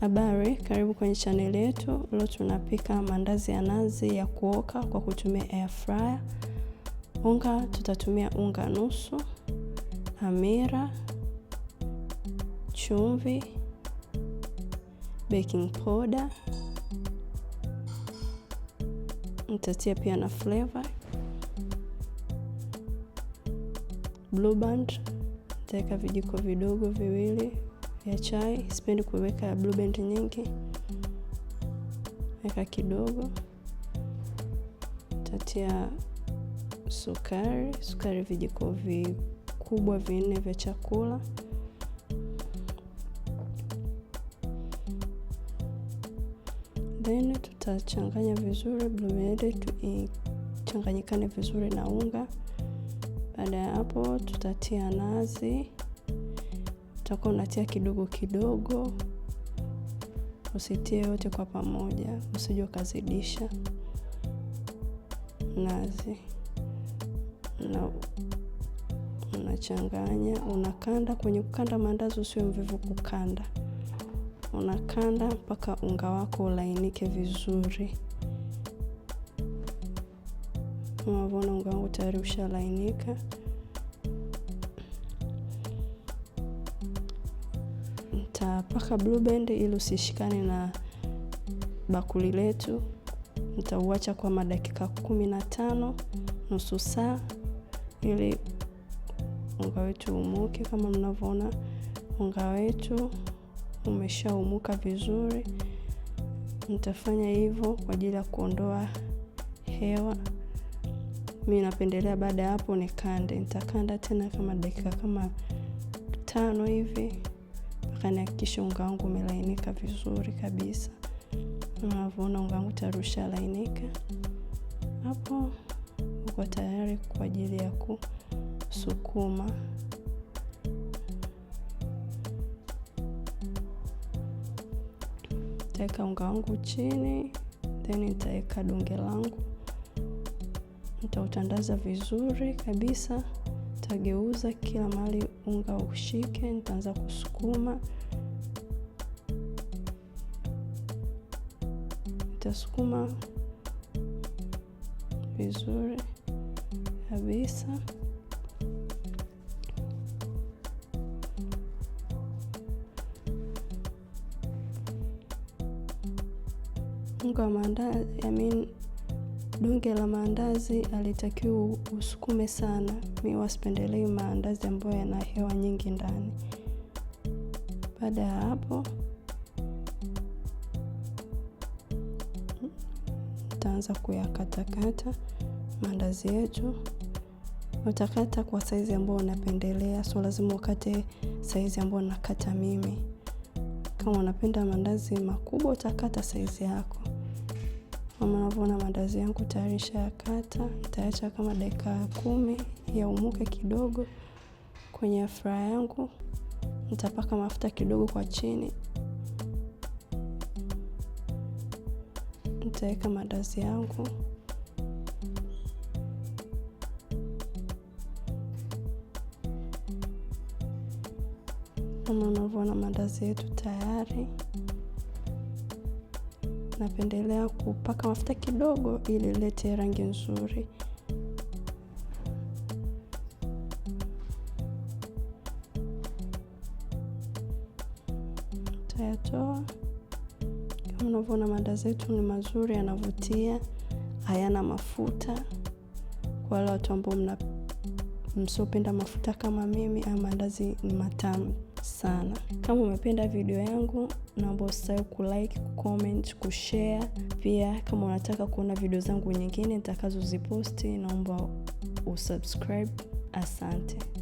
Habari, karibu kwenye chaneli yetu. Leo tunapika mandazi ya nazi ya kuoka kwa kutumia air fryer. Unga tutatumia unga nusu, hamira, chumvi, baking powder, nitatia pia na flavor, blue band, nitaweka vijiko vidogo viwili ya chai. Sipendi kuweka blue band nyingi, weka kidogo. Tatia sukari, sukari vijiko vikubwa vinne vya chakula. Then tutachanganya vizuri blue band ichanganyikane vizuri na unga. Baada ya hapo, tutatia nazi utakuwa unatia kidogo kidogo, usitie yote kwa pamoja, usije ukazidisha nazi na unachanganya, unakanda. Kwenye kukanda maandazi usiwe mvivu kukanda, unakanda mpaka unga wako ulainike vizuri. Unavyoona unga wangu tayari ushalainika. nitapaka blue band ili usishikane na bakuli letu. Nitauacha kwa madakika kumi na tano nusu saa, ili unga wetu umuke. Kama mnavyoona unga wetu umeshaumuka vizuri. Nitafanya hivyo kwa ajili ya kuondoa hewa. Mi napendelea baada ya hapo nikande. Nitakanda tena kama dakika kama tano hivi mpaka nihakikishe unga wangu umelainika vizuri kabisa. Unavyoona unga wangu tayari ushalainika, hapo uko tayari kwa ajili ya kusukuma. Nitaweka unga wangu chini, then nitaweka donge langu, nitautandaza vizuri kabisa, tageuza kila mahali unga ushike, nitaanza kusukuma. nitasukuma vizuri kabisa. Unga wa maandazi I mean, donge la maandazi alitakiwa usukume sana. Mi wasipendelei maandazi ambayo yana hewa nyingi ndani. Baada ya hapo tutaanza kuyakatakata maandazi yetu. Utakata kwa saizi ambayo unapendelea, so lazima ukate saizi ambayo nakata mimi. Kama unapenda maandazi makubwa, utakata saizi yako. Kama unavyoona maandazi yangu tayari shayakata, nitaacha kama dakika kumi yaumuke kidogo kwenye fraya yangu. Nitapaka mafuta kidogo kwa chini nitaweka madazi yangu. Kama unavyoona madazi yetu tayari. Napendelea kupaka mafuta kidogo ili lete rangi nzuri. Tayatoa unavyoona maandazi zetu ni mazuri, yanavutia, hayana mafuta. Kwa wale watu ambao mna msiopenda mafuta kama mimi, haya maandazi ni matamu sana. Kama umependa video yangu, naomba usisahau kulike, kucomment, kushare. Pia kama unataka kuona video zangu nyingine nitakazoziposti, naomba usubscribe. Asante.